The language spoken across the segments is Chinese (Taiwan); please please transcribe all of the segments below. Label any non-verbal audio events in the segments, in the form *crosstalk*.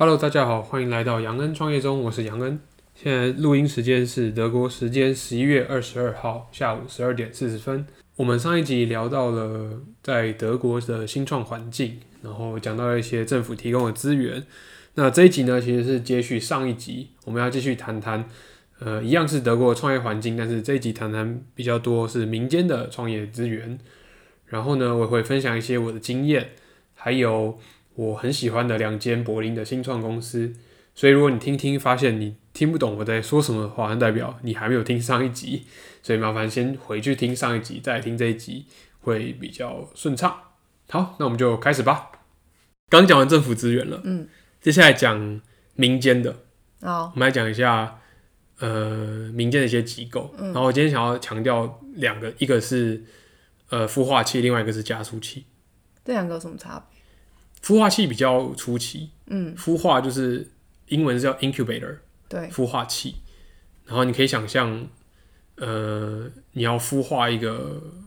Hello，大家好，歡迎來到楊恩創業中，我是楊恩。現在錄音時間是德國時間十一月二十二號下午十二點四十分。我們上一集聊到了在德國的新創環境，然後講到了一些政府提供的資源。那這一集呢，其實是接續上一集，我們要繼續談談，呃，一樣是德國創業環境，但是這一集談談比較多是民間的創業資源。然後呢，我會分享一些我的經驗，還有。我很喜歡的兩間柏林的新創公司，所以如果你聽聽發現你聽不懂我在說什麼的話，那代表你還沒有聽上一集，所以麻煩先回去聽上一集，再聽這一集會比較順暢。好，那我們就開始吧。剛講完政府資源了，嗯，接下來講民間的，哦。我們來講一下，呃，民間的一些機構，嗯。然後我今天想要強調兩個，一個是呃孵化器，另外一個是加速器。這兩個有什麼差別？孵化器比較初期，嗯，孵化就是英文是叫 incubator，對，孵化器。然後你可以想象，呃，你要孵化一個、嗯、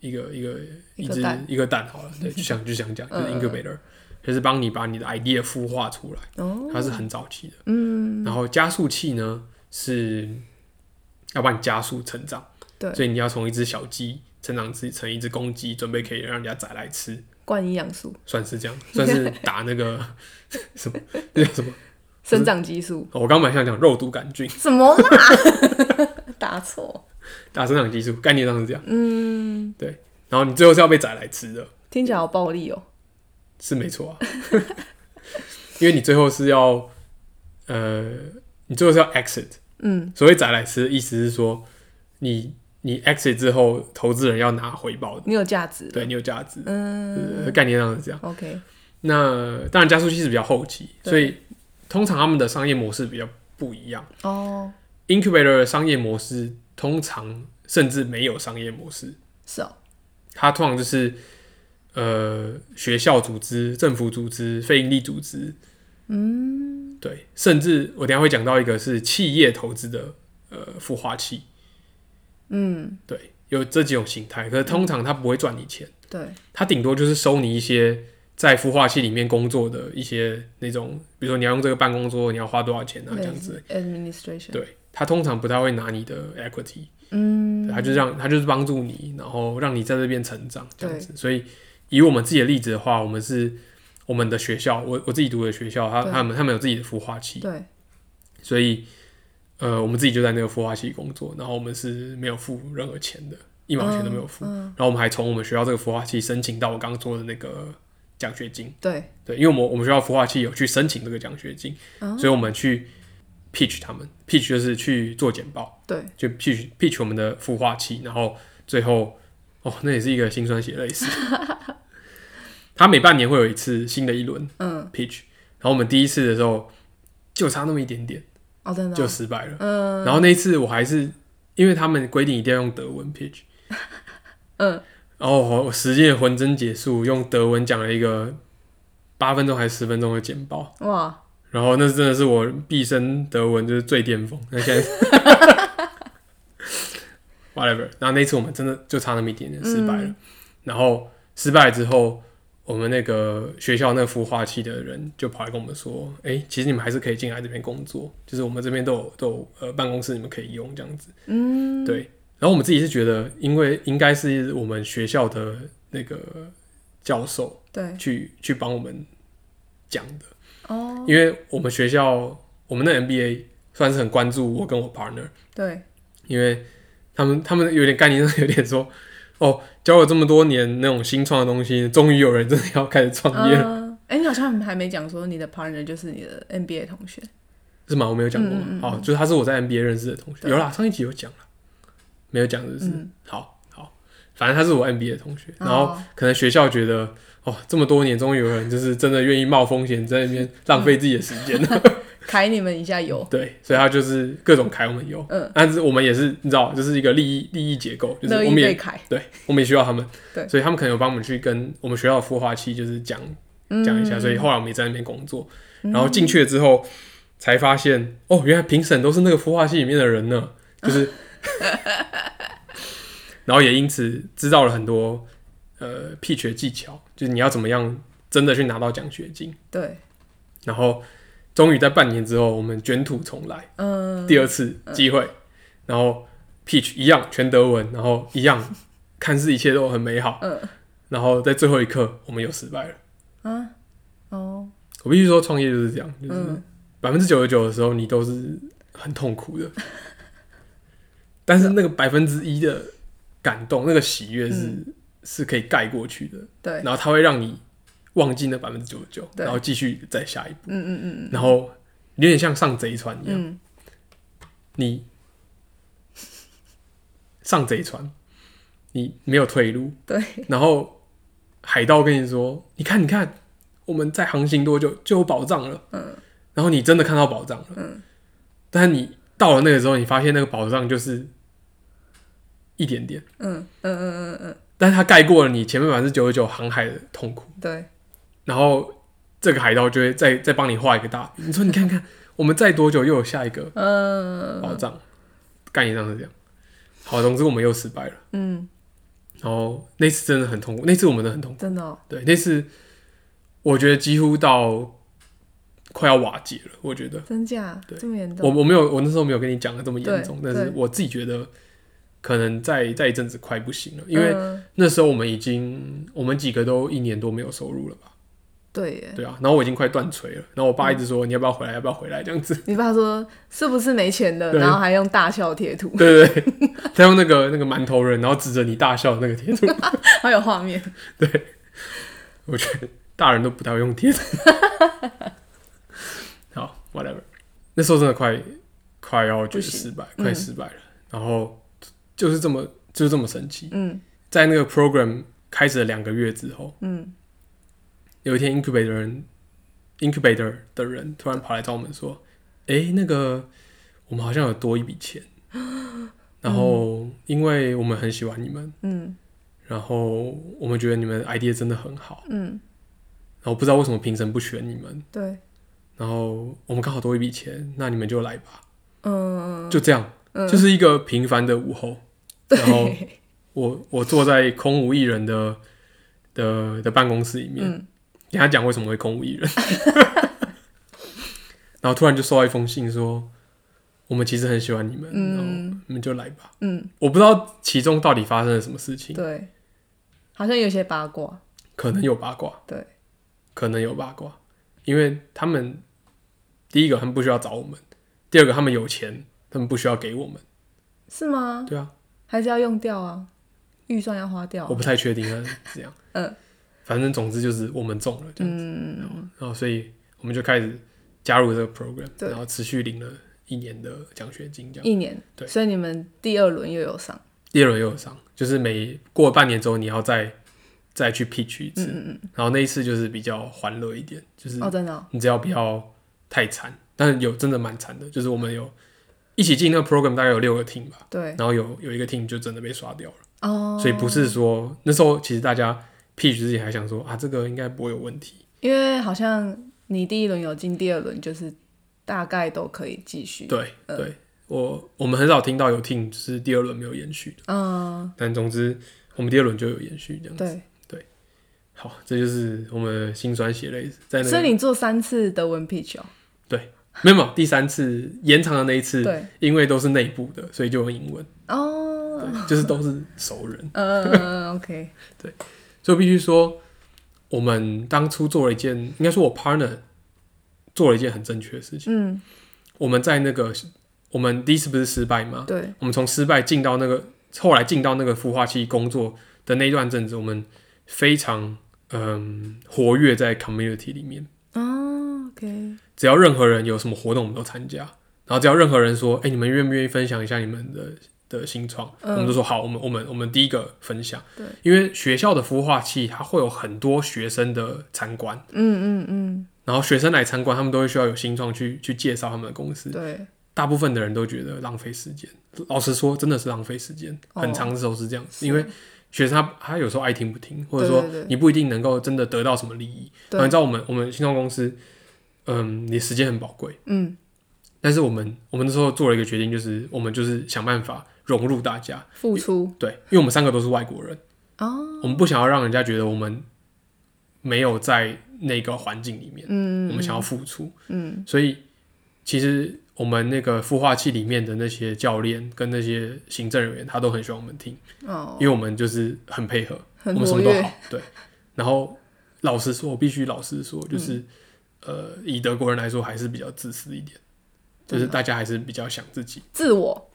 一個一個一隻一個蛋，個蛋好了，對，就想就想講 *laughs* 就是 incubator，呃、就是幫你把你的 idea 孵化出來，哦，它是很早期的，嗯。然後加速器呢是，要幫你加速成長，對，所以你要從一隻小雞成長成成一隻公雞，準備可以讓人家宰來吃。灌營養素，算是這樣，算是打那個什麼，那 *laughs* 叫什麼，什麼生長激素。我剛剛滿想講肉毒桿菌，什麼啦？ *laughs* 打錯，打生長激素，概念上是這樣。嗯，對。然後你最後是要被宰來吃的，聽起來好暴力哦。是沒錯啊， *laughs* 因為你最後是要呃，你最後是要 exit。嗯，所以宰來吃的意思是說你。你 exit 之後，投資人要拿回報的。你有價值，對，你有價值。嗯，概念上是這樣。OK，那當然加速器是比較後期，所以通常他們的商業模式比較不一樣。哦、oh.，Incubator 的商業模式通常甚至沒有商業模式。是哦。它通常就是呃學校組織、政府組織、非營利組織。嗯、mm.，對，甚至我等一下會講到一個是企業投資的呃孵化器。嗯，對，有這幾種形態，可是通常他不會賺你錢，嗯，對，他頂多就是收你一些在孵化器裡面工作的一些那種，比如說你要用這個辦公桌，你要花多少錢啊這樣子。對，administration。對，他通常不太會拿你的 equity，嗯。嗯。他就讓他就是幫助你，然後讓你在這邊成長這樣子。對。所以以我們自己的例子的話，我們是我們的學校，我我自己讀的學校，他他們他們有自己的孵化器。對。所以。呃，我們自己就在那個孵化器工作，然後我們是沒有付任何錢的，一毛錢都沒有付。嗯嗯、然後我們還從我們學校這個孵化器申請到我剛剛說的那個獎學金。對對，因為我們我們學校孵化器有去申請這個獎學金、嗯，所以我們去 pitch 他們、哦，pitch 就是去做簡報，對，就 pitch pitch 我們的孵化器，然後最後哦，那也是一個辛酸血淚史。 *laughs* 他每半年會有一次新的一輪，嗯，pitch。然後我們第一次的時候就差那麼一點點。Oh, 就失敗了。Uh... 然後那一次我還是因為他們規定一定要用德文 pitch，uh... 然後我時間混真結束，用德文講了一個八分鐘還是十分鐘的簡報。Wow. 然後那真的是我畢生德文就是最巔峰。那現在 *laughs* *laughs* whatever。然後那次我們真的就差那麼一點點失敗了。嗯。然後失敗之後。我們那個學校那孵化器的人就跑來跟我們說：“哎、欸，其實你們還是可以進來這邊工作，就是我們這邊都有都有呃辦公室，你們可以用這樣子。”嗯，對。然後我們自己是覺得，因為應該是我們學校的那個教授去對去去幫我們講的哦，因為我們學校我們那 MBA 算是很關注我跟我 partner 對，因為他們他們有點概念，有點說。哦，教了這麼多年那種新創的東西，終於有人真的要開始創業了。哎、呃欸，你好像還沒講說你的 partner 就是你的 MBA 同學，是嗎？我沒有講過嗎？嗯嗯嗯哦、就是他是我在 MBA 認識的同學。有啦，上一集有講了，沒有講就是，是。嗯、好好，反正他是我 MBA 的同學。然後、哦、可能學校覺得，哦，這麼多年終於有人就是真的願意冒風險在那邊浪費自己的時間了。 *laughs* 揩你們一下油，對，所以他就是各種揩我們油，嗯、啊，但是我們也是，你知道，就是一個利益利益結構，就是我們也對，我們也需要他們， *laughs* 對，所以他們可能有幫我們去跟我們學校的孵化器就是講講、嗯、一下，所以後來我們也在那邊工作，然後進去了之後才發現，哦、喔，原來評審都是那個孵化器裡面的人呢，就是， *laughs* *laughs* 然後也因此知道了很多呃騙取技巧，就是你要怎麼樣真的去拿到獎學金，對，然後。終於在半年之後，我們捲土重來，嗯、第二次機會、嗯，然後 pitch 一樣全德文，然後一樣、嗯、看似一切都很美好，嗯、然後在最後一刻我們又失敗了，啊哦、我必須說創業就是這樣，就是百分之九十九的時候你都是很痛苦的，嗯、但是那個百分之一的感動，那個喜悅是、嗯、是可以蓋過去的，對、然後它會讓你。忘記那百分之九十九，然後繼續再下一步，嗯嗯嗯，然後有點像上賊船一樣，嗯，你上賊船，你沒有退路，對，然後海盜跟你說：“你看，你看，我們在航行多久就有寶藏了。”嗯，然後你真的看到寶藏了，嗯，但你到了那個時候，你發現那個寶藏就是一點點，嗯嗯，嗯嗯嗯嗯，但是它蓋過了你前面百分之九十九航海的痛苦，對。然後這個海盜就會再再幫你畫一個大餅。你說你看看， *laughs* 我們再多久又有下一個寶藏、呃？概念上是這樣。好，總之我們又失敗了。嗯。然後那次真的很痛苦，那次我們真的很痛苦，真的、哦。對，那次我覺得幾乎到快要瓦解了。我覺得。真假？對。這麼嚴重？我我沒有，我那時候沒有跟你講的這麼嚴重，但是我自己覺得可能在在一陣子快不行了、嗯，因為那時候我們已經我們幾個都一年多沒有收入了吧？對，對啊，然後我已經快斷炊了，然後我爸一直說、嗯、你要不要回來，要不要回來這樣子。你爸說是不是沒錢了？然後還用大笑貼圖，對，對對，他用那個那個饅頭人，然後指着你大笑的那個貼圖， *laughs* 好有畫面。對，我覺得大人都不太會用貼圖。 *laughs* 好，whatever，那時候真的快快要就是失敗，快失敗了，嗯、然後就是這麼就是這麼神奇。嗯，在那個 program 開始了兩個月之後，嗯。有一天，Incubator 的人，Incubator 的人突然跑來找我們說：“誒、欸，那個，我們好像有多一筆錢。然後、嗯，因為我們很喜歡你們，嗯、然後我們覺得你們 idea 真的很好，嗯。然後不知道為什麼評審不選你們，對。然後我們剛好多一筆錢，那你們就來吧，嗯，就這樣，嗯、就是一個平凡的午後。對。然後我我坐在空無一人的的的辦公室裡面。嗯”跟他講為什麼會空無一人？ *laughs* *laughs* 然後突然就收到一封信說，說我們其實很喜歡你們、嗯，然後你們就來吧。嗯，我不知道其中到底發生了什麼事情。對，好像有些八卦，可能有八卦，對，可能有八卦，因為他們第一個他們不需要找我們，第二個他們有錢，他們不需要給我們，是嗎？對啊，還是要用掉啊，預算要花掉、啊，我不太確定啊，這樣，嗯、 *laughs* 呃。反正總之就是我們中了這樣子、嗯嗯，然後所以我們就開始加入這個 program，對，然後持續領了一年的獎學金這樣子。一年，對。所以你們第二輪又有上？第二輪又有上，就是每過半年之後你要再再去 pitch 一次，嗯嗯嗯，然後那一次就是比較歡樂一點，就是哦真的，你只要不要太慘、哦哦，但是有真的蠻慘的，就是我們有一起進那個 program 大概有六個 team 吧，對。然後有有一個 team 就真的被刷掉了哦，所以不是說那時候其實大家。Pitch 自己還想說啊，這個應該不會有問題，因為好像你第一輪有進，第二輪就是大概都可以繼續。對、呃、對，我我們很少聽到有 team 是第二輪沒有延續的，嗯、呃。但總之我們第二輪就有延續這樣子。對對，好，這就是我們心酸血淚在那裡。所以你做三次德文 Pitch 哦？對，沒有沒有，第三次延長的那一次，因為都是內部的，所以就用英文哦，就是都是熟人。嗯、呃、 *laughs* ，OK，對。所以必須說，我們當初做了一件，應該說我 partner 做了一件很正確的事情。嗯，我們在那個，我們第一次不是失敗嗎？對。我們從失敗進到那個，後來進到那個孵化器工作的那一段陣子，我們非常嗯、呃、活躍在 community 裡面。哦，OK。只要任何人有什麼活動，我們都參加。然後只要任何人說：“哎、欸，你們願不願意分享一下你們的？”的新創，嗯，我們都說好，我們我們我們第一個分享，對，因為學校的孵化器，它會有很多學生的參觀，嗯嗯嗯，然後學生來參觀，他們都會需要有新創去去介紹他們的公司，對，大部分的人都覺得浪費時間，老實說，真的是浪費時間。哦，很長的時候是這樣子，因為學生他，他有時候愛聽不聽，或者說你不一定能夠真的得到什麼利益，對對對，然後你知道我們我們新創公司，嗯，你時間很寶貴，嗯，但是我們我們那時候做了一個決定，就是我們就是想辦法。融入大家，付出對，因為我們三個都是外國人，哦，我們不想要讓人家覺得我們沒有在那個環境裡面，嗯，我們想要付出，嗯，所以其實我們那個孵化器裡面的那些教練跟那些行政人員，他都很喜歡我們聽，哦，因為我們就是很配合，我們什麼都好，對，然後老實說，我必須老實說，就是、嗯、呃，以德國人來說還是比較自私一點，就是大家還是比較想自己自我。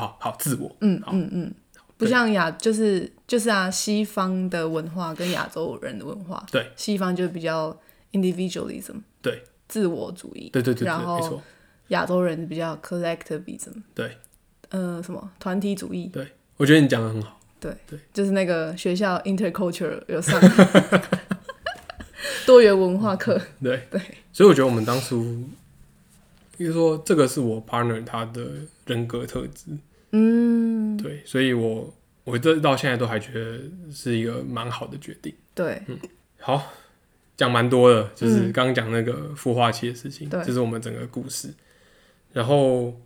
好好自我，嗯嗯嗯，不像亞就是就是啊，西方的文化跟亞洲人的文化，對，西方就比較 individualism，對，自我主義，對對對，對，然後亞洲人比較 collectivism，對，呃，什麼團體主義，對我覺得你講的很好，對對，對，就是那個學校 interculture 有上多元文化課，嗯，對對，所以我覺得我們當初比如說這個是我 partner 他的。人格特質，嗯，對，所以我，我我這到現在都還覺得是一個蠻好的決定，對，嗯，好，講蠻多的，就是剛剛講那個孵化器的事情，這、嗯就是我們整個故事，然後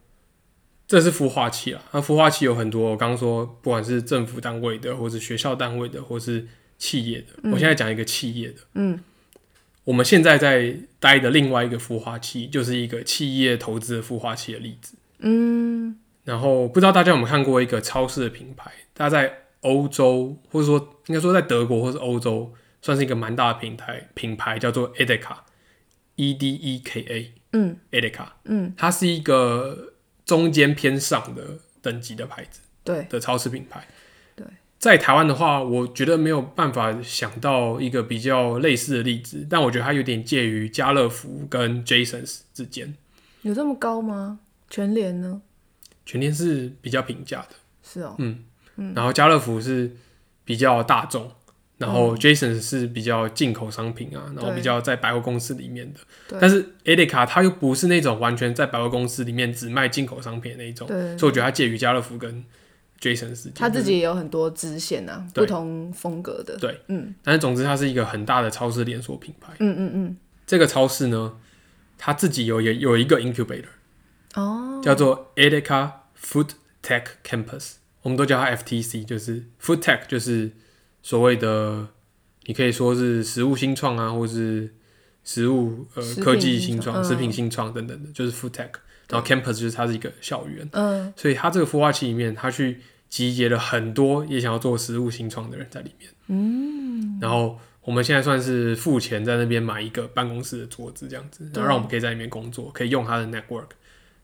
這是孵化器啊，那孵化器有很多，我剛剛說，不管是政府單位的，或是學校單位的，或是企業的，嗯、我現在講一個企業的，嗯，我們現在在待的另外一個孵化器，就是一個企業投資的孵化器的例子。嗯，然後不知道大家有沒有看過一個超市的品牌，它在歐洲或者說應該說在德國或是歐洲算是一個蠻大的品牌，品牌，叫做 Edeka，E D E K A，嗯，Edeka，嗯，它是一個中間偏上的等級的牌子，對，的超市品牌，對，對在台灣的話，我覺得沒有辦法想到一個比較類似的例子，但我覺得它有點介於家樂福跟 Jasons 之間，有這麼高嗎？全聯呢？全聯是比較平價的，是哦、喔，嗯，嗯然後家樂福是比較大眾，嗯，然後 Jason 是比較進口商品啊、嗯，然後比較在百貨公司裡面的，對，但是 Edeka 它又不是那種完全在百貨公司裡面只賣進口商品的那種，對，所以我覺得它介於家樂福跟 Jason 之間。他它自己也有很多支線啊對，不同風格的，對，嗯，但是總之它是一個很大的超市連鎖品牌，嗯嗯嗯，這個超市呢，它自己有有一個 Incubator。哦，叫做 Edeka Food Tech Campus，我們都叫它 FTC，就是 Food Tech，就是所謂的你可以說是食物新創啊，或者是食物呃科技新創、食品新創、呃、等等的，就是 Food Tech。然後 Campus 就是它是一個校園，所以它這個孵化器裡面，它去集結了很多也想要做食物新創的人在裡面，嗯。然後我們現在算是付錢在那邊買一個辦公室的桌子這樣子，然後讓我們可以在裡面工作，可以用它的 network。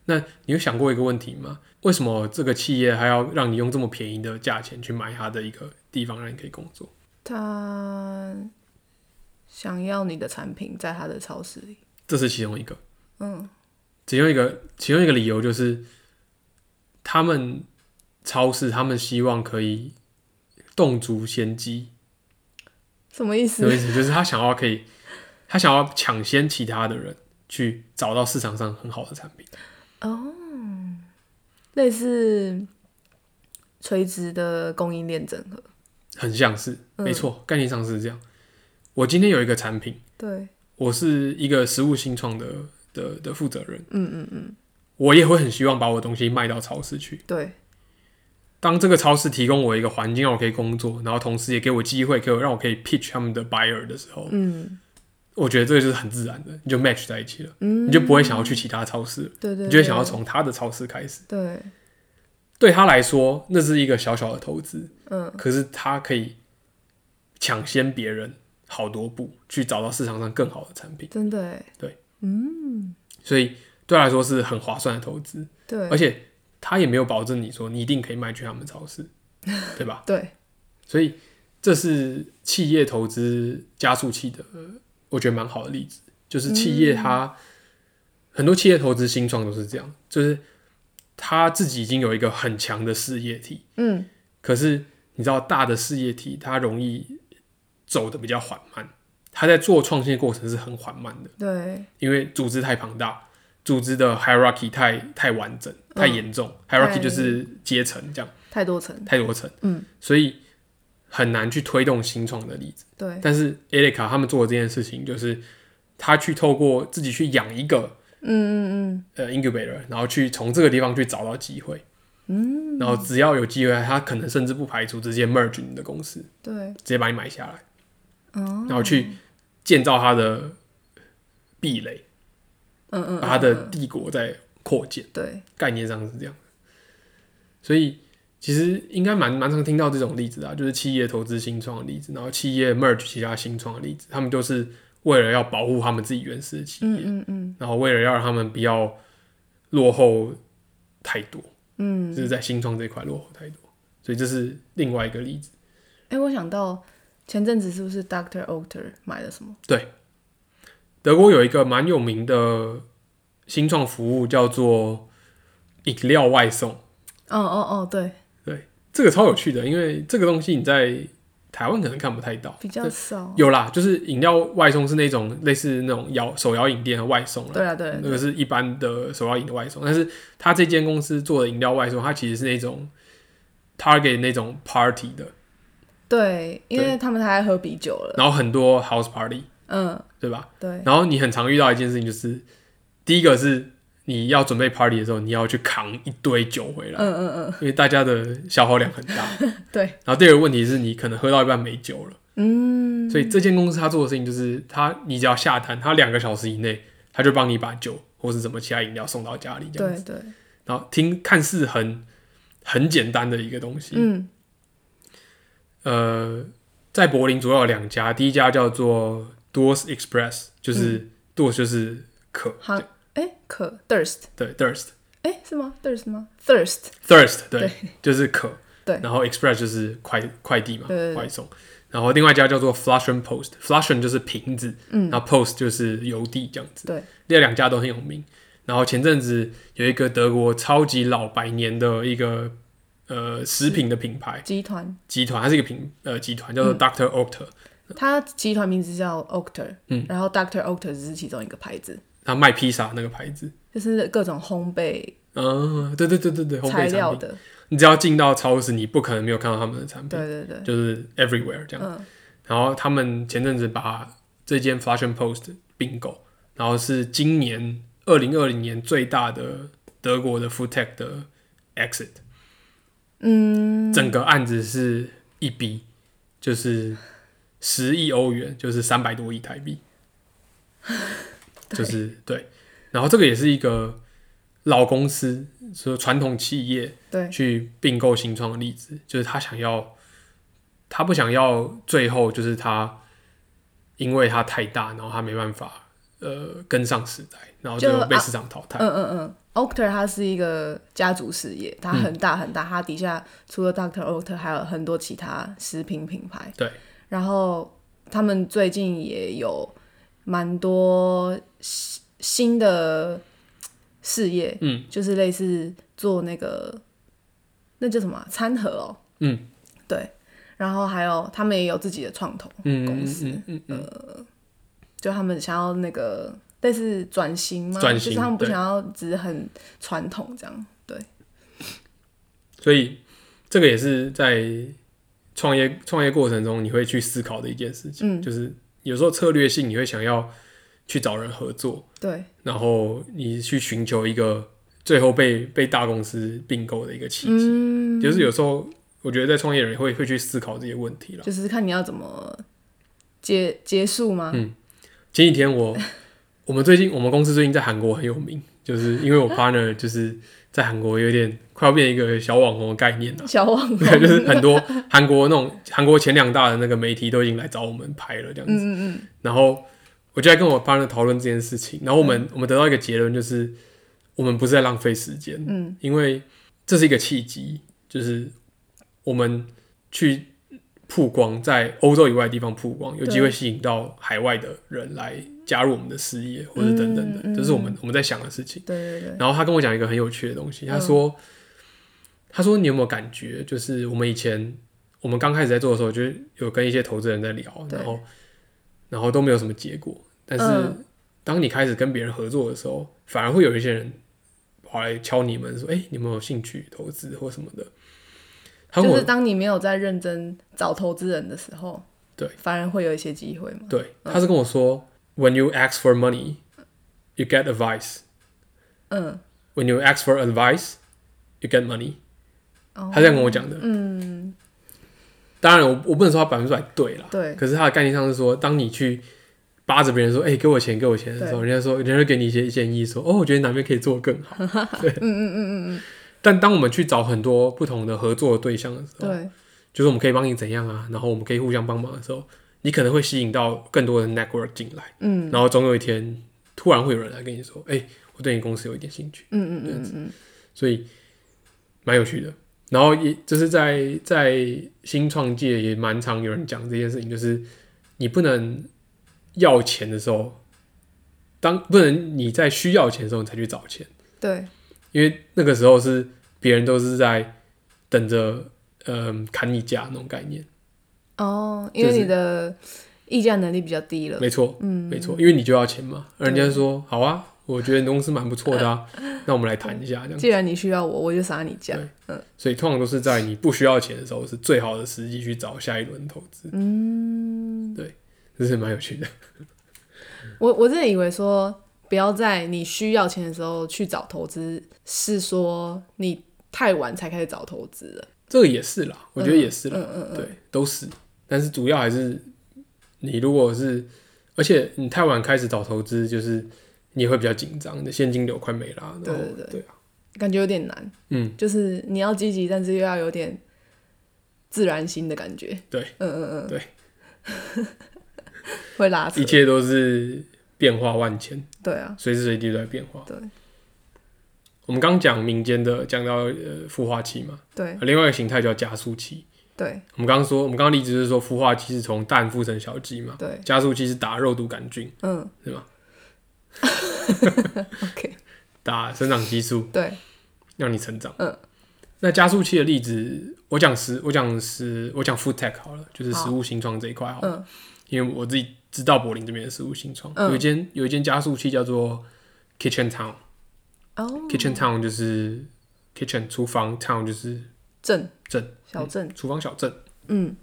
那你有想過一個問題嗎？為什麼這個企業還要讓你用這麼便宜的價錢去買他的一個地方，讓你可以工作？他想要你的產品在他的超市裡，這是其中一個。嗯，其中一個，其中一個理由就是他們超市，他們希望可以動足先機，什麼意思？什麼意思？就是他想要可以，他想要搶先其他的人去找到市場上很好的產品。哦、oh，類似垂直的供應鏈整合，很像是、嗯、沒錯，概念上是這樣。我今天有一個產品，對，我是一個食物新創的的的負責人，嗯嗯嗯，我也會很希望把我的東西賣到超市去，對。當這個超市提供我一個環境讓我可以工作，然後同時也給我機會，給我讓我可以 pitch 他們的 buyer 的時候，嗯。我覺得這個就是很自然的，你就 match 在一起了，嗯、你就不會想要去其他超市了，對對對，你就會想要從他的超市開始。對，對他來說，那是一個小小的投資、嗯，可是他可以搶先別人好多步，去找到市場上更好的產品，真的，對，嗯，所以對他來說是很划算的投資，對，而且他也沒有保證你說你一定可以賣去他們超市， *laughs* 對吧？對，所以這是企業投資加速器的。我覺得蠻好的例子，就是企業它、嗯、很多企業投資新創都是這樣，就是他自己已經有一個很強的事業體、嗯，可是你知道大的事業體它容易走得比較緩慢，它在做創新的過程是很緩慢的，對，因為組織太龐大，組織的 hierarchy 太太完整太嚴重，嗯，hierarchy 就是階層這樣，太多層太多層，嗯，所以。很難去推動新創的例子，但是 Erika 他們做的這件事情，就是他去透過自己去養一個，嗯嗯嗯，呃，Incubator，然後去從這個地方去找到機會，嗯，然後只要有機會，他可能甚至不排除直接 merge 你的公司，對，直接把你買下來，嗯、哦，然後去建造他的壁壘，嗯嗯，嗯嗯，把他的帝國再擴建，對，概念上是這樣，所以。其實應該蠻蠻常聽到這種例子的，就是企業投資新創的例子，然後企業 merge 其他新創的例子，他們就是為了要保護他們自己原始的企業，嗯嗯，嗯，然後為了要讓他們不要落後太多，嗯，就是在新創這塊落後太多，所以這是另外一個例子。哎、欸，我想到前陣子是不是 Dr. Oetker 買了什麼？對，德國有一個蠻有名的新創服務叫做飲料外送。哦哦哦，對。這個超有趣的，因為這個東西你在台灣可能看不太到，比較少有啦。就是飲料外送是那種類似那種搖手搖飲店的外送了，對啊對，啊對，啊對，那、這個是一般的手搖飲的外送。但是他這間公司做的飲料外送，它其實是那種 Target 那種 Party 的，對，對，因為他們太愛喝啤酒了，然後很多 House Party，嗯，對吧？對，然後你很常遇到一件事情就是，第一個是。你要準備 party 的時候，你要去扛一堆酒回來。嗯嗯嗯，因為大家的消耗量很大。 *laughs* 對。然後第二個問題是你可能喝到一半沒酒了。嗯。所以這間公司他做的事情就是，他你只要下單，他兩個小時以內他就幫你把酒或是什麼其他飲料送到家裡這樣子。對對。然後聽，看似很很簡單的一個東西。嗯。呃，在柏林主要有兩家，第一家叫做 Durst Express，就是 Durst、嗯、就是渴哎、欸，渴，thirst，對，thirst，哎、欸，是嗎？thirst 嗎？thirst，thirst，Thirst，對，對，就是渴，對。然後，express 就是快快遞嘛，對，快送。然後，另外一家叫做 Flushing Post，Flushing 就是瓶子，嗯，然後 Post 就是郵遞這樣子，對。另外兩家都很有名。然後前陣子有一個德國超級老百年的一個呃食品的品牌集團，集團，它是一個品呃集團，叫做 Dr. Oetker，它集團名字叫 Oetker、嗯、然後 Dr. Oetker 只是其中一個牌子。他賣披薩那個牌子，就是各種烘焙。嗯，對對對對對，材料的。你只要進到超市，你不可能沒有看到他們的產品。對對對，就是 everywhere 這樣。嗯、然後他們前陣子把這間 Flaschenpost 併購，然後是今年二零二零年最大的德國的 Food Tech 的 exit。嗯。整個案子是一筆，就是十億歐元，就是三百多億台幣。 *laughs* 就是對，然後這個也是一個老公司，說、就是、傳統企業，對，去並購新創的例子，就是他想要，他不想要，最後就是他，因為他太大，然後他沒辦法，呃，跟上時代，然後就被市場淘汰。啊、嗯嗯嗯 Oetker 他是一個家族事業，他很大很大，嗯、他底下除了 Dr. Oetker 還有很多其他食品品牌。對，然後他們最近也有。蠻多新新的事業，嗯，就是類似做那個那叫什麼、啊、餐盒哦，喔，嗯，對，然後還有他們也有自己的創投公司嗯嗯嗯嗯嗯，呃，就他們想要那個，但是轉型嘛，就是他們不想要只很傳統這樣，對，所以這個也是在創業創業過程中你會去思考的一件事情，嗯、就是。有時候策略性你會想要去找人合作，對，然後你去尋求一個最後被被大公司併購的一個契機。嗯，就是有時候我覺得在創業人會會去思考這些問題啦，就是看你要怎麼結結束嗎？嗯，前幾天我我們最近 *laughs* 我們公司最近在韓國很有名，就是因為我 partner 就是在韓國有點。要變一個小網紅的概念、啊、小網紅 *laughs* 就是很多韓國那種韓國前兩大的那個媒體都已經來找我們拍了這樣子，嗯、然後我就在跟我班的討論這件事情，然後我們、嗯、我們得到一個結論就是我們不是在浪費時間、嗯，因為這是一個契機，就是我們去曝光在歐洲以外的地方曝光，有機會吸引到海外的人來加入我們的事業、嗯、或者等等的，這、嗯就是我們、嗯、我們在想的事情。對對對然後他跟我講一個很有趣的東西，嗯、他說。他說：“你有沒有感覺，就是我們以前，我們剛開始在做的時候，就是有跟一些投資人在聊，然後，然後都沒有什麼結果。但是、嗯，當你開始跟別人合作的時候，反而會有一些人跑來敲你們，說：‘哎、欸，你有沒有興趣投資或什麼的他？’就是當你沒有在認真找投資人的時候，對，反而會有一些機會嘛。對、嗯，他是跟我說：‘When you ask for money, you get advice、嗯。’嗯，When you ask for advice, you get money。” Oh, 他這樣跟我講的，嗯，當然我我不能說他百分之百對了，對，可是他的概念上是說，當你去巴着別人說，哎、欸，給我錢，給我錢的時候，人家說，人家會給你一些建議，說，哦，我覺得哪邊可以做得更好， *laughs* 對，嗯，嗯，但當我們去找很多不同的合作的對象的時候，對，就是我們可以幫你怎樣啊，然後我們可以互相幫忙的時候，你可能會吸引到更多的 network 進來，嗯，然後總有一天，突然會有人來跟你說，哎、欸，我對你公司有一點興趣，嗯嗯嗯，嗯，所以蠻有趣的。嗯然後一，就是在在新創界也蠻常有人講這件事情，就是你不能要錢的時候，當不能你在需要錢的時候你才去找錢，對，因為那個時候是別人都是在等着，嗯、呃、砍你價那種概念。哦，因為你的議價能力比較低了。就是、沒錯，嗯，沒錯，因為你就要錢嘛，而人家說好啊。我覺得你公司蠻不錯的，啊嗯，那我們來談一下。既然你需要我，我就撒你家。嗯，所以通常都是在你不需要錢的時候，是最好的時機去找下一輪投資。嗯，對，這，就是蠻有趣的。 *laughs* 我我真的以為說，不要在你需要錢的時候去找投資，是說你太晚才開始找投資了。這個也是啦，我覺得也是啦。嗯、對嗯嗯嗯，都是。但是主要還是你如果是，而且你太晚開始找投資，就是。你也會比較緊張，你的現金流快沒啦。對對，對，對，啊，感覺有點難。嗯，就是你要積極，但是又要有點自然心的感覺。對，嗯嗯嗯，對。 *laughs* 會拉扯。一切都是變化萬千。對啊，隨時隨地都在變化。對。我們剛講民間的講到呃孵化器嘛。對。另外一個形態叫加速器。對。我們剛剛說，我們剛剛例子是說孵化器是從蛋孵成小雞嘛。對。加速器是打肉毒桿菌。嗯。對吧？ *laughs* *laughs* OK，打生長激素，對，讓你成長。嗯、那加速器的例子，我講食，我講食，我講 food tech 好了，就是食物新創這一塊好了。哦。因為我自己知道柏林這邊的食物新創，嗯、有一間有一間加速器叫做 Kitchen Town。哦、Kitchen Town 就是 Kitchen 廚房 Town 就是鎮鎮、嗯、小鎮廚房小鎮。嗯，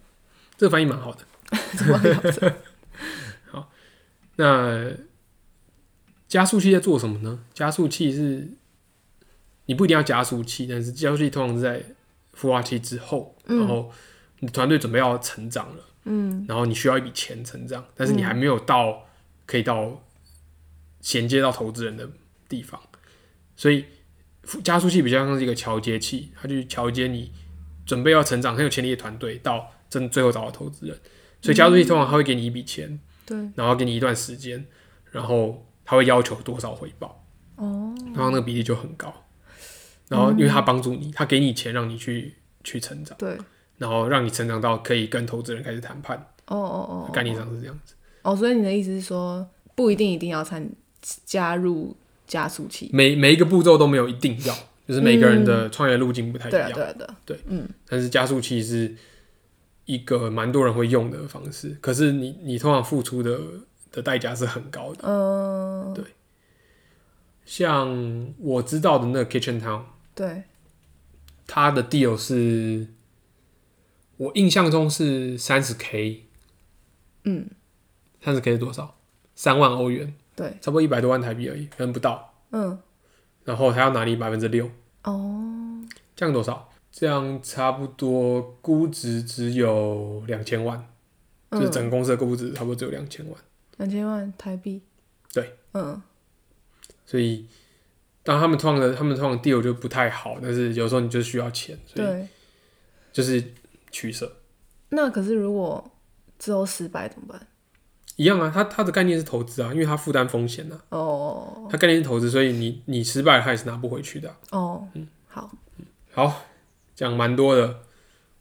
這個翻譯蠻好的。 *laughs* 好， *laughs* 好，那。加速器在做什麼呢？加速器是，你不一定要加速器，但是加速器通常是在孵化器之後、嗯，然後你團隊準備要成長了、嗯，然後你需要一筆錢成長，但是你還沒有到可以到銜接到投資人的地方，嗯、所以加速器比較像是一個調節器，它就去調節你準備要成長很有潛力的團隊到真最後找到投資人，所以加速器通常它會給你一筆錢，嗯、對、然後給你一段時間，然後。他會要求多少回報？哦、oh.，然後那個比例就很高。然後，因為他幫助你，他、mm. 給你錢，讓你去去成長。對。然後，讓你成長到可以跟投資人開始談判。哦哦哦，概念上是這樣子。哦，所以你的意思是說，不一定一定要參、mm. 加入加速器。每每一個步驟都沒有一定要，就是每個人的創業路徑不太一樣。Mm. 對啊，對啊，對啊，對，嗯。但是加速器是一個蠻多人會用的方式。可是你你通常付出的的代價是很高的，哦、呃。對。像我知道的那個 Kitchen Town，對，他的 deal 是，我印象中是三十 K，嗯，三十 K 是多少？三萬歐元，對，差不多一百多萬台幣而已，分不到，嗯。然後他要拿你百分之六，哦，這樣多少？這樣差不多估值只有兩千萬、嗯，就是整個公司的估值差不多只有兩千萬。兩千萬台幣，對，嗯，所以當他們創的，他們創的 deal 就不太好，但是有時候你就需要錢，所以對，就是取捨。那可是如果之後失敗怎麼辦？一樣啊，他他的概念是投資啊，因為他負擔風險啊，哦，他概念是投資，所以你你失敗，他也是拿不回去的啊，哦。嗯，好，好，講蠻多的。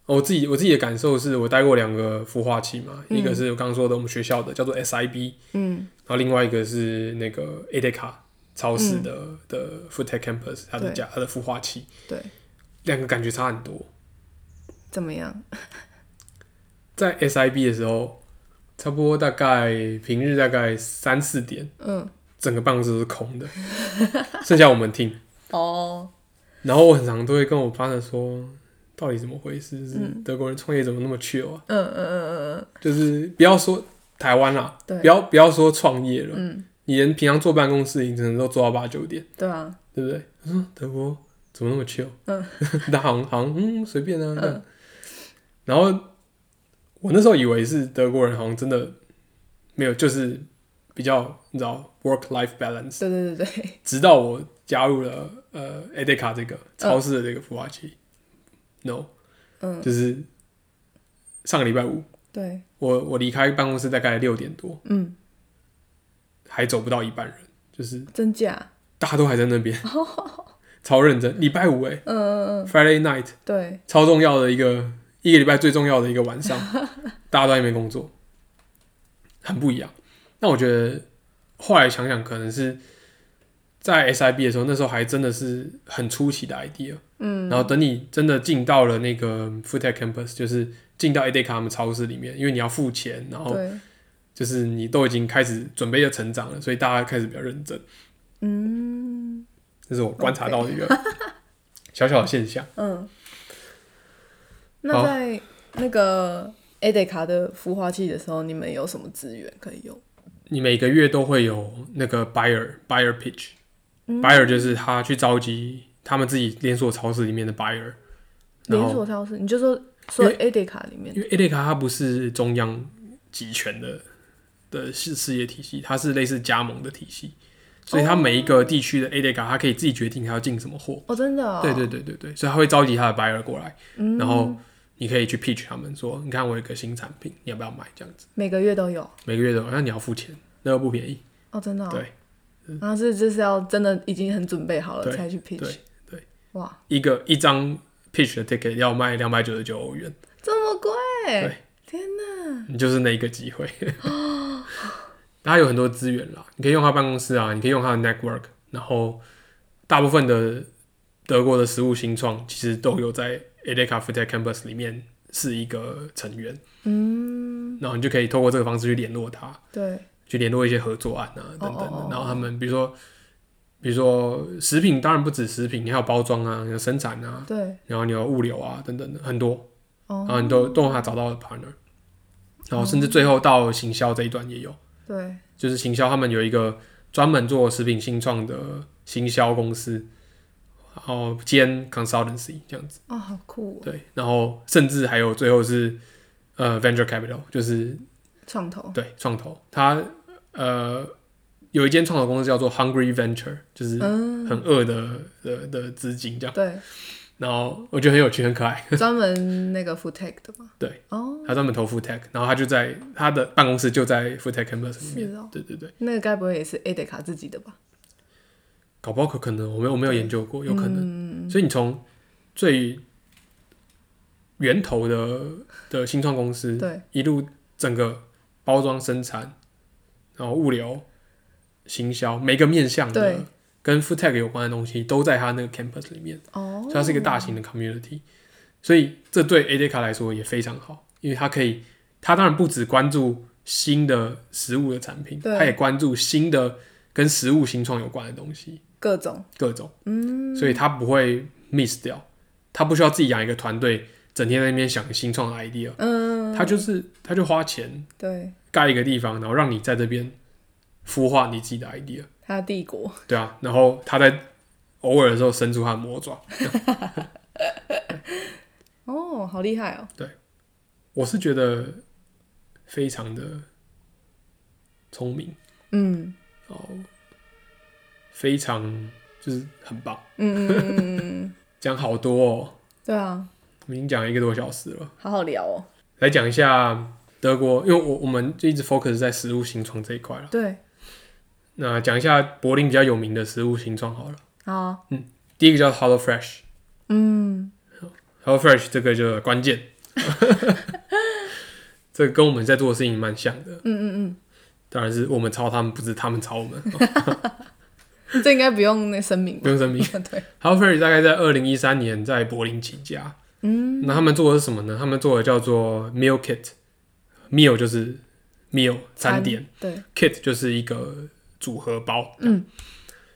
Oh, 我自己我自己的感受是我待過兩個孵化器嘛、嗯，一個是我剛剛說的我們學校的叫做 SIB，、嗯、然後另外一個是那個 Edeka 超市的的 Food Tech Campus，它的家它的孵化器，兩個感覺差很多。怎麼樣？在 SIB 的時候，差不多大概平日大概三四點，嗯，整個辦公室都是空的， *laughs* 剩下我們聽。Oh. 然後我很常都會跟我班的說。到底怎麼回事？是、嗯、德國人創業怎麼那麼 chill 啊？嗯嗯嗯嗯嗯，就是不要說台灣啦，不要不要說創業了，你、嗯、連平常坐辦公室，你只能都坐到八九點。對啊，對不對？嗯、德國怎麼那麼 chill 嗯，那 *laughs* 好像，嗯，隨便啊。嗯、然後我那時候以為是德國人好像真的沒有，就是比較你知道 work life balance。對對對對。直到我加入了呃 Edeka 這個超市的這個孵化器。嗯 No，嗯，就是上個禮拜五，對，我我離開辦公室大概六點多，嗯，還走不到一半人，就是真假，大家都還在那邊，超認真，禮拜五誒，嗯嗯嗯，Friday night，對，超重要的一個一個禮拜最重要的一個晚上， *laughs* 大家都在那邊工作，很不一樣。那我覺得後來想想，可能是。在 SIB 的時候，那時候還真的是很初期的 idea。嗯，然後等你真的進到了那個 FoodTech Campus，就是進到 Edeka 他們超市裡面，因為你要付錢，然後就是你都已經開始準備要成長了，所以大家開始比較認真。嗯，這是我觀察到的一個小小的現象。嗯。那在那個 Edeka 的孵化器的時候，你們有什麼資源可以用？你每個月都會有那個 Buyer Buyer Pitch。嗯、buyer 就是他去召集他們自己連鎖超市裡面的 Buyer，然後連鎖超市你就說，所以 a d 卡裡面，因為 a d 卡它不是中央集權的的事，事業體系，它是類似加盟的體系，所以它每一個地區的 a d 卡，它可以自己決定它要進什麼貨。哦，真的？對對對對對，所以他會召集他的 Buyer 過來、嗯，然後你可以去 Pitch 他們說，你看我有個新產品，你要不要買？這樣子。每個月都有。每個月都有，但你要付錢，那又不便宜。哦，真的、哦？對。那是，是就是要真的已經很準備好了才去 pitch，對，對對哇，一個一張 pitch 的 ticket 要賣兩百九十九歐元，這麼貴，對，天哪，你就是那一個機會哦。他 *laughs* *coughs* 有很多資源啦，你可以用他辦公室啊，你可以用他的 network，然後大部分的德國的食物新創其實都有在 EDEKA Food Tech Campus 裡面是一個成員，嗯，然後你就可以透過這個方式去聯絡他，對。去聯絡一些合作案啊，等等的。Oh, oh, oh. 然後他們，比如說，比如說食品，當然不止食品，你還有包裝啊，你有生產啊，對。然後你有物流啊，等等的很多。Oh, 然後你都都還找到了 partner, oh. 然後甚至最後到行銷這一段也有。對，oh. 就是行銷，他們有一個專門做食品新創的行銷公司，然後兼 consultancy 這樣子。哦, oh，好酷哦。對。然後甚至還有最後是呃 venture capital，就是創投。對，創投，他。呃，有一間創投公司叫做 Hungry Venture，就是很餓的、嗯、的的資金這樣。對。然後我覺得很有趣，很可愛。專門那個 food tech 的嘛。對。哦、oh.。他專門投 food tech，然後他就在他的辦公室就在 food tech campus 裡面、哦。對對對。那個該不會也是 Edeka 自己的吧？搞不好可能，我沒有我沒有研究過，有可能。嗯、所以你從最源頭的的新創公司， *laughs* 一路整個包裝生產。然後物流、行銷，每個面向的跟 food tech 有關的東西，都在他那個 campus 裡面。Oh, 所以他是一個大型的 community，、oh. 所以這對 Edeka 來說也非常好，因為他可以，他當然不只關注新的食物的產品，他也關注新的跟食物新創有關的東西，各種各種，各種、嗯，所以他不會 miss 掉，他不需要自己養一個團隊，整天在那邊想新創的 idea，、嗯他就是，他就花錢，對，蓋一個地方，然後讓你在這邊孵化你自己的 idea。他的帝國。對啊，然後他在偶爾的時候伸出他的魔爪。 *laughs* *laughs* 哦，好厲害哦。對，我是覺得非常的聰明。嗯。哦，非常就是很棒。嗯嗯 *laughs* 講好多哦。對啊，我們已經講了一個多小時了。好好聊哦。來講一下德國，因為我我們就一直 focus 在食物新創這一塊了。對，那講一下柏林比較有名的食物新創好了。好啊、嗯，第一個叫 Hello Fresh。嗯，Hello Fresh 這個就關鍵， *laughs* *laughs* *laughs* 這跟我們在做的事情蠻像的。嗯嗯嗯，當然是我們抄他們，不是他們抄我們。 *laughs* *laughs* 這應該不用那聲明吧。不用聲明。 *laughs* 對，Hello Fresh 大概在二零一三年在柏林起家。嗯，那他們做的是什麼呢？他們做的叫做 Meal Kit，Meal 就是 Meal 餐點，餐，對，Kit 就是一個組合包。嗯，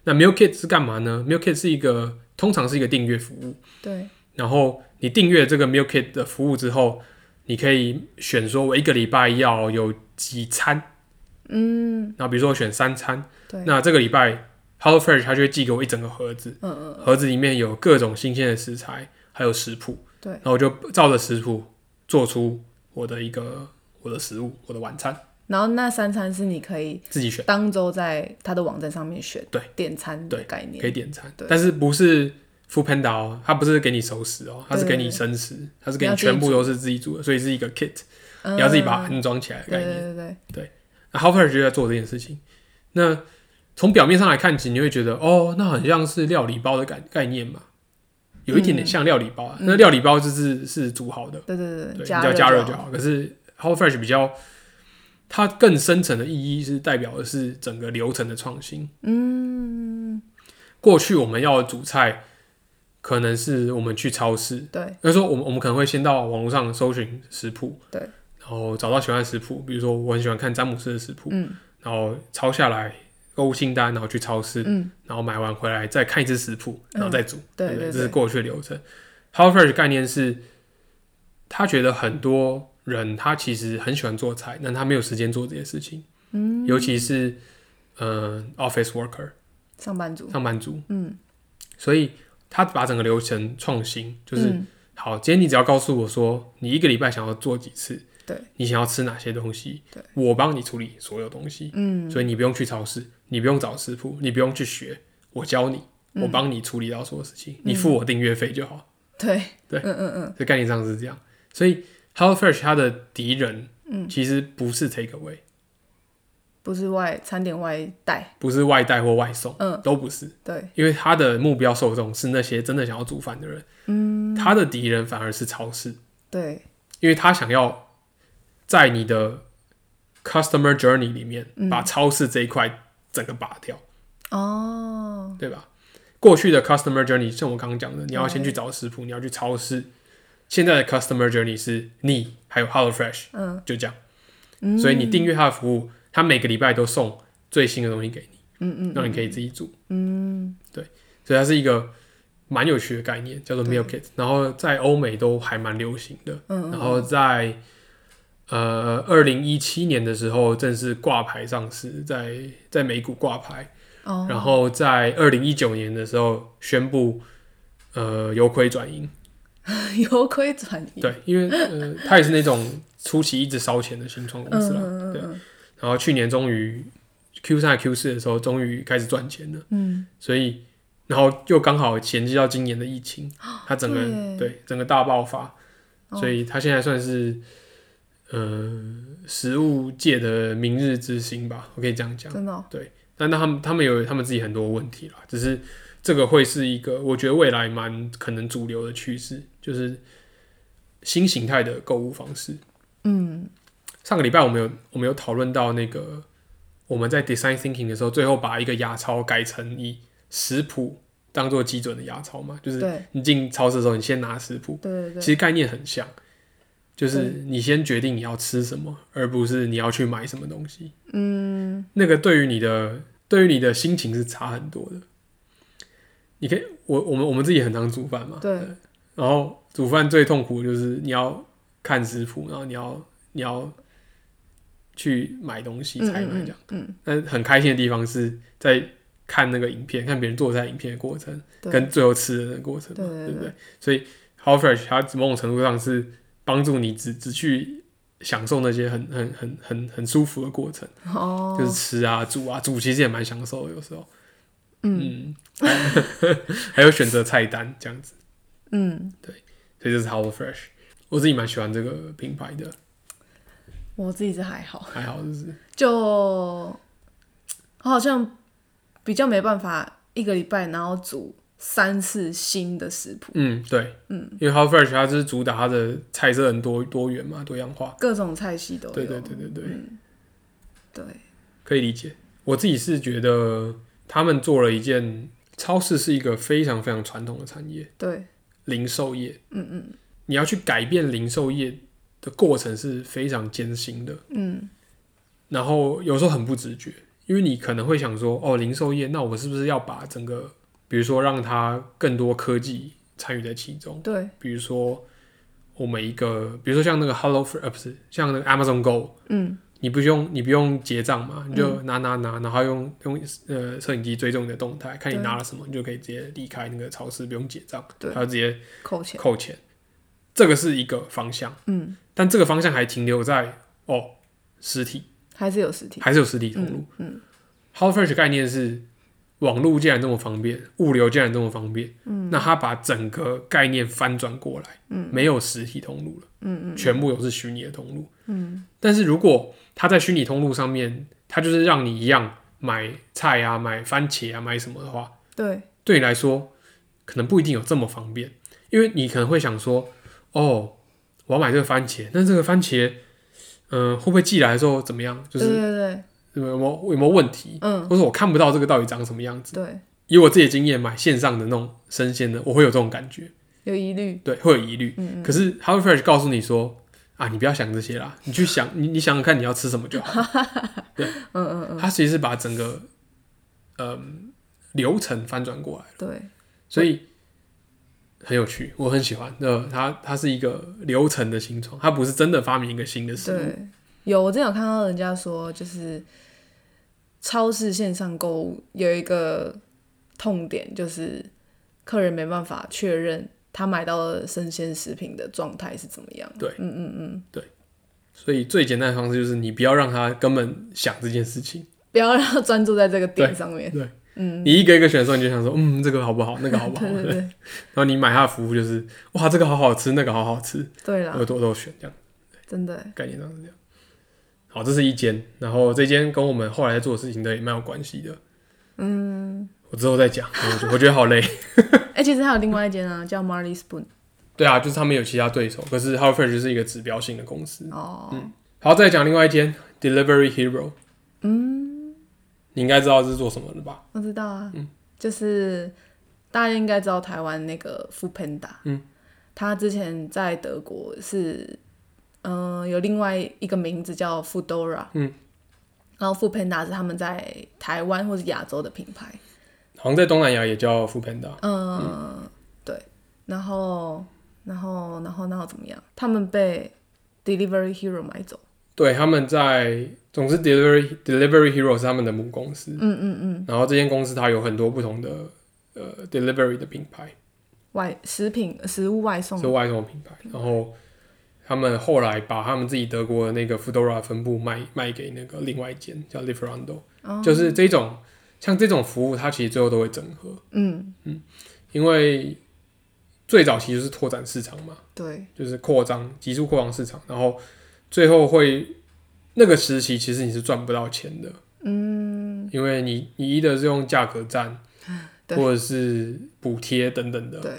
那 Meal Kit 是幹嘛呢？Meal Kit 是一個通常是一個訂閱服務，對。然後你訂閱這個 Meal Kit 的服務之後，你可以選說我一個禮拜要有幾餐，嗯，那比如說我選三餐，對。那這個禮拜 HelloFresh 他就會寄給我一整個盒子，嗯嗯嗯。盒子裡面有各種新鮮的食材，還有食譜。對，然後我就照着食譜做出我的一個我的食物，我的晚餐。然後那三餐是你可以自己選，當周在他的網站上面選的，對，點餐，對，概念可以點餐。對，但是不是 Foodpanda 哦，他不是給你熟食哦，他是給你生食，他是給你全部都是自己煮的，所以是一個 kit，你要，你要自己把它安裝起來的概念。嗯、對對對對，對那 HelloFresh 就在做這件事情。那從表面上來看起，你會覺得哦，那很像是料理包的概概念嘛？有一點點像料理包。那、嗯、料理包就是、嗯、是煮好的，對對對，你只要加熱就好。就好嗯、可是 HelloFresh 比較，它更深層的意義是代表的是整個流程的創新。嗯，過去我們要煮菜，可能是我們去超市，對，那、就是、說我們我們可能會先到網絡上搜尋食譜，對，然後找到喜歡的食譜，比如說我很喜歡看詹姆斯的食譜，嗯，然後抄下來。購物清單，然後去超市，嗯、然後買完回來再看一次食譜，然後再煮。嗯、對，對，對，對，對，這是過去的流程。HelloFresh 的概念是，他覺得很多人他其實很喜歡做菜，但他沒有時間做這些事情。嗯、尤其是嗯、呃、，office worker，上班族，上班族。嗯，所以他把整個流程創新，就是、嗯、好，今天你只要告訴我說，你一個禮拜想要做幾次，對你想要吃哪些東西，我幫你處理所有東西。嗯，所以你不用去超市。你不用找師傅，你不用去學，我教你，嗯、我幫你處理到所有事情，你付我訂閱費就好。對對嗯嗯嗯，這、嗯嗯、概念上是這樣。所以 HelloFresh 它的敵人，嗯，其實不是 Takeaway，不、嗯、是外餐點外帶，不是外帶或外送，嗯，都不是。對，因為它的目標受眾是那些真的想要煮飯的人，嗯，它的敵人反而是超市。對，因為他想要在你的 Customer Journey 裡面把超市這一塊。整個拔掉哦，oh. 對吧？過去的 customer journey，像我剛剛講的，你要先去找食譜，oh. 你要去超市。現在的 customer journey 是你還有 Hello Fresh，嗯、uh.，就這樣。所以你訂閱他的服務，他、嗯、每個禮拜都送最新的東西給你，嗯，嗯，嗯，讓你可以自己煮。嗯，對，所以它是一個蠻有趣的概念，叫做 meal kit，然後在歐美都還蠻流行的。嗯，嗯，然後在呃，二零一七年的時候正式掛牌上市，在在美股掛牌，Oh. 然後在二零一九年的時候宣布，呃，由虧轉盈，由 *laughs* 虧轉盈，對，因為他、呃、也是那種初期一直燒錢的新創公司了， *laughs* 對，然後去年終於 Q 三 Q 四的時候終於開始賺錢了，嗯，所以然後又剛好銜接到今年的疫情，他整個對，對整個大爆發，Oh. 所以他現在算是。呃，食物界的明日之星吧，我可以這樣講。真的喔？對。但那他們他們有他們自己很多問題啦。只是這個會是一個，我覺得未來蠻可能主流的趨勢，就是新形態的購物方式。嗯。上個禮拜我們有我們有討論到那個我們在 design thinking 的時候，最後把一個牙超改成以食譜當做基準的牙超嘛，就是你進超市的時候，你先拿食譜。對對對。其實概念很像。就是你先決定你要吃什麼、嗯，而不是你要去買什麼東西。嗯，那個對於你的對於你的心情是差很多的。你可以，我我們我們自己很常煮飯嘛。對。嗯、然後煮飯最痛苦的就是你要看食譜，然後你要你要去買東西，才能這樣嗯，嗯，嗯。但很開心的地方是在看那個影片，看別人做菜影片的過程，跟最後吃的那個過程嘛，對不對，對，對，對，對？所以，HelloFresh 它某種程度上是。幫助你只只去享受那些很很很很很舒服的過程，oh. 就是吃啊、煮啊、煮其實也蠻享受有時候，嗯，嗯還有 *laughs* 選擇菜單這樣子， *laughs* 嗯，對，所以就是 HelloFresh，我自己蠻喜歡這個品牌的，我自己是還好，還好就是就我好像比較沒辦法一個禮拜然後煮。三次新的食譜。嗯，對，嗯，因為 HelloFresh 它是主打它的菜色很多多元嘛，多樣化，各種菜系都有。對對對對對，嗯，對，可以理解。我自己是覺得他們做了一件，超市是一個非常非常傳統的產業，對，零售業，嗯嗯，你要去改變零售業的過程是非常艱辛的，嗯，然後有時候很不直覺，因為你可能會想說，哦，零售業，那我是不是要把整個比如說，讓它更多科技參與在其中。對，比如說我們一個，比如說像那個 Hello Fresh，不是像那個 Amazon Go。嗯。你不用，你不用結賬嘛、嗯？你就拿拿拿，然後用用呃攝影機追蹤你的動態，看你拿了什麼，你就可以直接離開那個超市，不用結賬。對，然後直接扣錢。扣錢。這個是一個方向。嗯。但這個方向還停留在哦實體。還是有實體。還是有實體通路。嗯。嗯、Hello Fresh 概念是，網絡既然這麼方便，物流既然這麼方便，嗯，那他把整個概念翻轉過來，嗯，沒有實體通路了，嗯嗯嗯，全部都是虛擬的通路，嗯，但是如果他在虛擬通路上面，他就是讓你一樣買菜啊，買番茄啊，買什麼的話，對，對你來說，可能不一定有這麼方便，因為你可能會想說，哦，我要買這個番茄，但這個番茄，嗯、呃，會不會寄來的時候怎麼樣？就是對對對。有沒有有沒有問題？嗯，或者我看不到這個到底長什麼樣子？對，以我自己經驗，買線上的那種生鮮的，我會有這種感覺，有疑慮，對，會有疑慮、嗯嗯。可是 HelloFresh 告訴你說啊，你不要想這些啦，你去想 *laughs* 你你想想看你要吃什麼就好。 *laughs* 對，嗯嗯嗯，他其實把整個嗯流程翻轉過來了。對，所以、嗯、很有趣，我很喜歡。呃，它它是一個流程的新創，它不是真的發明一個新的事。對，有我之前有看到人家說就是。超市線上購物有一個痛點，就是客人沒辦法確認他買到的生鮮食品的狀態是怎麼樣。對，嗯嗯嗯，對。所以最簡單的方式就是你不要讓他根本想這件事情，不要讓他專注在這個點上面。對，對，嗯。你一個一個選的時候，你就想說，嗯，這個好不好？那個好不好？ *laughs* 對，對，對 *laughs* 然後你買他的服務就是，哇，這個好好吃，那個好好吃。對啦，我多多選這樣。對，真的。概念上是這樣。好，這是一間，然後這間跟我們後來在做的事情的也蠻有關係的。嗯，我之後再講。我覺得好累。哎、 *laughs* 欸，其實還有另外一間啊， *laughs* 叫 Marley Spoon。對啊，就是他們有其他對手，可是 HelloFresh 是一個指標性的公司。哦，嗯、好，再講另外一間 Delivery Hero。嗯，你應該知道這是做什麼的吧？我知道啊，嗯，就是大家應該知道台灣那個 Foodpanda。嗯，他之前在德國是。嗯、呃，有另外一個名字叫 Foodora，嗯，然後 Foodpanda 是他們在台灣或者亞洲的品牌，好像在東南亞也叫 Foodpanda，嗯，對，然後，然後，然後，然後怎麼樣？他們被 Delivery Hero 買走，對，他們在，總之 Delivery Delivery Hero 是他們的母公司，嗯嗯嗯，然後這間公司它有很多不同的呃 Delivery 的品牌，外食品、食物外送是外送品牌，嗯，然後。他們後來把他們自己德國的那個 Foodora 分部賣賣給那個另外一間叫 Lieferando，oh, 就是這種、嗯、像這種服務，它其實最後都會整合。嗯嗯，因為最早其實是拓展市場嘛，對，就是擴張急速擴張市場，然後最後會那個時期其實你是賺不到錢的，嗯，因為你你一直是用價格戰，或者是補貼等等的，對。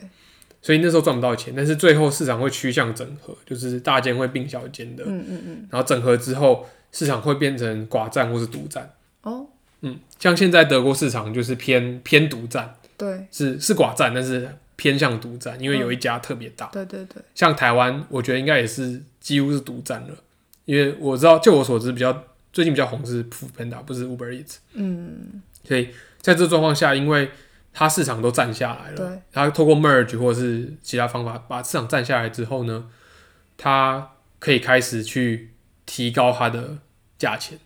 所以那時候賺不到錢，但是最後市場會趨向整合，就是大間會併小間的，嗯嗯嗯。然後整合之後，市場會變成寡占或是獨占。哦。嗯，像現在德國市場就是偏偏獨占。對。是是寡占，但是偏向獨占，因為有一家特別大。哦。對對對。像台灣，我覺得應該也是幾乎是獨占了，因為我知道，就我所知，比較最近比較紅是 Panda，不是 Uber Eats。嗯。所以在這狀況下，因為他市場都佔下來了，他通過 merge 或者是其他方法把市場佔下來之後呢，他可以開始去提高他的價錢。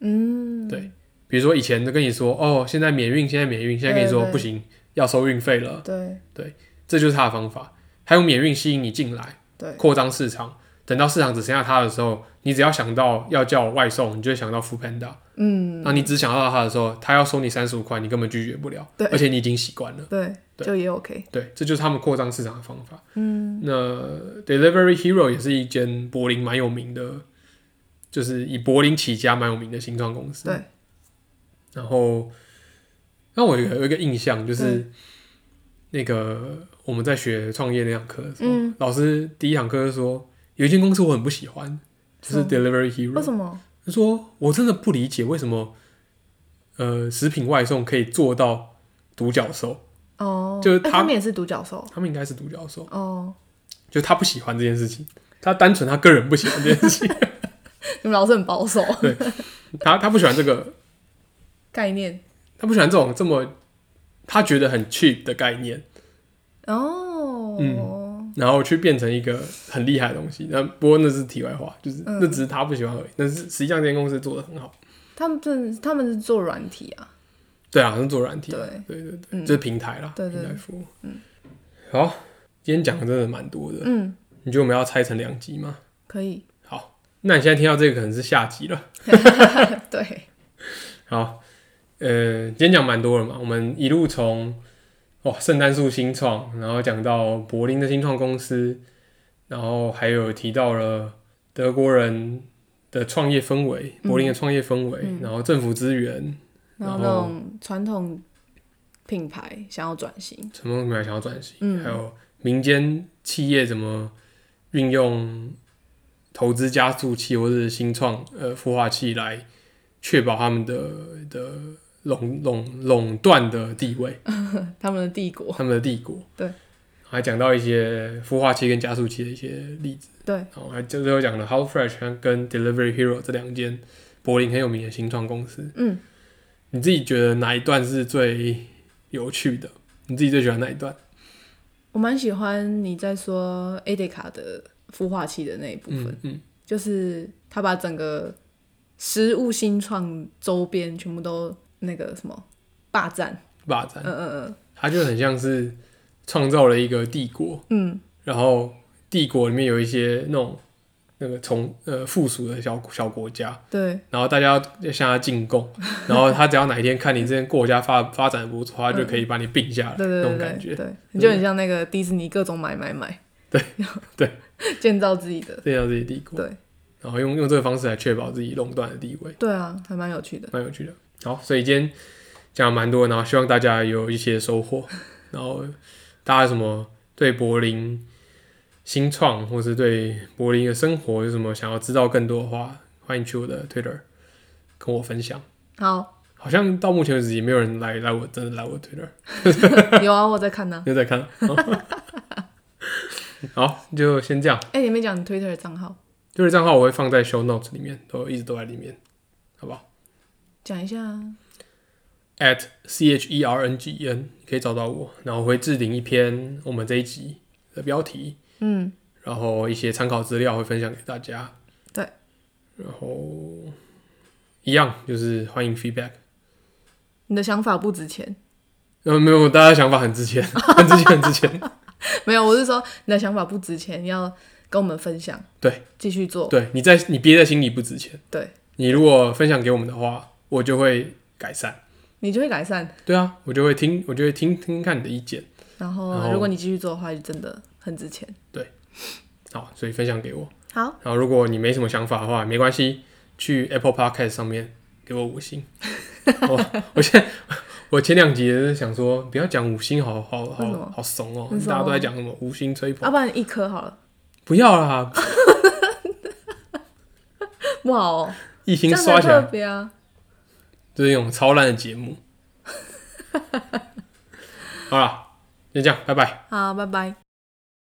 嗯，對，比如說以前都跟你說，哦，現在免運，現在免運，現在跟你說，對對對，不行，要收運費了。對，對，對，這就是他的方法，還有免運吸引你進來，擴張市場，等到市場只剩下它的時候。你只要想到要叫我外送，你就會想到 Foodpanda。嗯，那你只想到他的時候，他要收你三十五塊，你根本拒絕不了。對，而且你已經習慣了，對。對，就也 OK。對，這就是他們擴張市場的方法。嗯，那 Delivery Hero 也是一間柏林蠻有名的，就是以柏林起家蠻有名的新創公司。對，然後，那我有一，有一個印象，就是那個我們在學創業那堂課的時候，嗯，老師第一堂課就說有一間公司我很不喜歡。就是 Delivery Hero。為什麼？他說：“我真的不理解為什麼，呃，食品外送可以做到獨角獸哦，oh, 就是他，欸，他們也是獨角獸，他們應該是獨角獸哦。Oh. 就他不喜歡這件事情，他單純他個人不喜歡這件事情。 *laughs* *laughs* 你們老師很保守，對，他他不喜歡這個 *laughs* 概念，他不喜歡這種這麼他覺得很 cheap 的概念哦。Oh. 嗯”然後去變成一個很厲害的東西，那不過那是題外話，就是、嗯、那只是他不喜歡而已。但是實際上，這間公司做得很好。他們，他們是做軟體啊。對啊，是做軟體對。對對對對，這、嗯就是平台啦，對對對平台服務。嗯，好，今天講的真的蠻多的。嗯，你覺得我們要拆成兩集嗎？可以。好，那你現在聽到這個可能是下集了。 *laughs* *laughs* 對。好，嗯、呃，今天講蠻多了嘛，我們一路從。哇，聖誕樹新創，然後講到柏林的新創公司，然後還有提到了德國人的創業氛圍，嗯、柏林的創業氛圍、嗯，然後政府資源，然後，然後那種傳統品牌想要轉型，什麼品牌想要轉型、嗯，還有民間企業怎麼運用投資加速器或者是新創呃孵化器，來確保他們的的。壟壟壟斷的地位，他們的帝國，他們的帝國，對，還講到一些孵化器跟加速器的一些例子，對，好，還就最後講了 HelloFresh 跟 Delivery Hero 這兩間柏林很有名的新創公司，嗯，你自己覺得哪一段是最有趣的？你自己最喜歡哪一段？我蠻喜歡你在說 Edeka 的孵化器的那一部分，嗯，嗯，就是他把整個食物新創周邊全部都那個什麼霸占，霸占，嗯嗯嗯，他就很像是創造了一個帝國，嗯，然後帝國裡面有一些那種那個從呃附屬的小小國家，對，然後大家要向他進貢， *laughs* 然後他只要哪一天看你這邊國家發發展不錯，嗯，他就可以把你併下來，對對對，那種感覺，對，你就很像那個迪士尼各種買買買，對對，建造自己的建造自己的帝國，對，然後用用這個方式來確保自己壟斷的地位，對啊，還蠻有趣的，蠻有趣的。好，所以今天講了蠻多的，然後希望大家有一些收穫。然後大家有什麼對柏林新創，或是對柏林的生活有什麼想要知道更多的話，歡迎去我的 Twitter 跟我分享。好，好像到目前為止也沒有人來來我真的來我 Twitter。 *laughs* 有啊，我在看呢、啊。又在看、啊。 *laughs* 好，就先這樣。哎、欸，你沒講你 Twitter 賬號。Twitter 賬號我會放在 Show Notes 裡面，都一直都在裡面。講一下，at c h e r n g e n 可以找到我，然後我會置頂一篇我們這一集的標題，嗯，然後一些參考資料會分享給大家。對，然後一樣就是歡迎 feedback。你的想法不值錢。嗯、呃，沒有，大家的想法很值錢， *laughs* 很值錢，很值錢。沒有，我是說你的想法不值錢，你要跟我們分享。對，繼續做。對你在你憋在心裡不值錢。對，你如果分享給我們的話。我就會改善，你就會改善。對啊，我就會聽，我就會聽聽，聽看你的意見。然後，然後如果你繼續做的話，就真的很值錢。對，好，所以分享給我。好，然後如果你沒什麼想法的話，沒關係，去 Apple Podcast 上面給我五星。 *laughs* 我現在我前兩集也是想說，不要講五星，好好好，好慫哦。喔喔、大家都在講什麼五星吹捧？要、啊、不然一顆好了。不要啦， *laughs* 不好、喔，一星刷起來、啊。這、就是一種超爛的節目。 *laughs* 好了，先這樣，拜拜。好，拜拜。